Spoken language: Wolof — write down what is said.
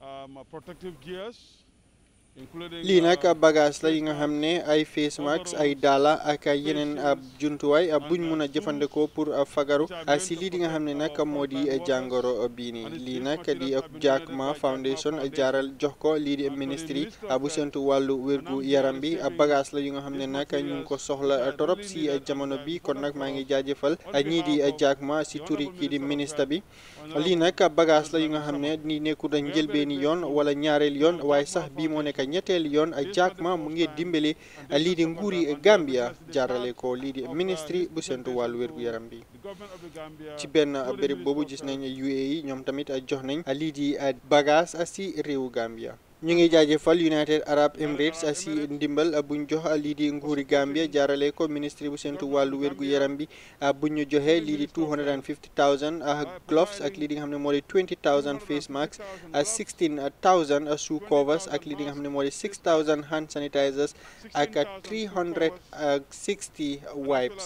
um, uh, protective gears, Lina nag bagage la yi nga ay face mask ay dala ak yenen ab jumtuwaay buñ mun a jëfandikoo pour fagaru si lii di nga xam di jàngoro bii nii di Foundation ajara jox ko ministry di ministre bu iarambi wàllu wérgu yaram bi bagage la yu nga xam ne nag ñu ngi ko soxla torop jamono bi kon ngi di ajakma Ma si turi kii di ministre bi lii nag bagage la yu nga xam ne ni nekku da njëlbeeni yoon wala ñaareel yoon waaye sax bii moo nekk ñetteelu yoon jaakma mu ngi dimbali lii di nguuri Gambia jaarale ko lii di ministre bu séntu wàllu wérgu yaram bi ci benn béréb boobu gis nañ UAE ñoom tamit jox nañ lii di bagage si réewu Gambia ñu ngi jaajëfal United Arab Emirates si ndimbal buñ jox lii di nguuri Gambia jaarale ko ministre bu seentu wàllu wérgu yaram bi buñ ñu joxe lii di 250000 ah, gloves ak lii di nga xam ne moo di 20000 face masks 16000 ah, ah, shoe covers ak lii di nga xam ne moo di 6000 hand sanitizers ak 360 wipes.